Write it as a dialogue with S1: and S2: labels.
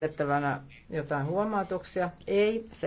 S1: pidettävänä jotain huomautuksia? Ei. Se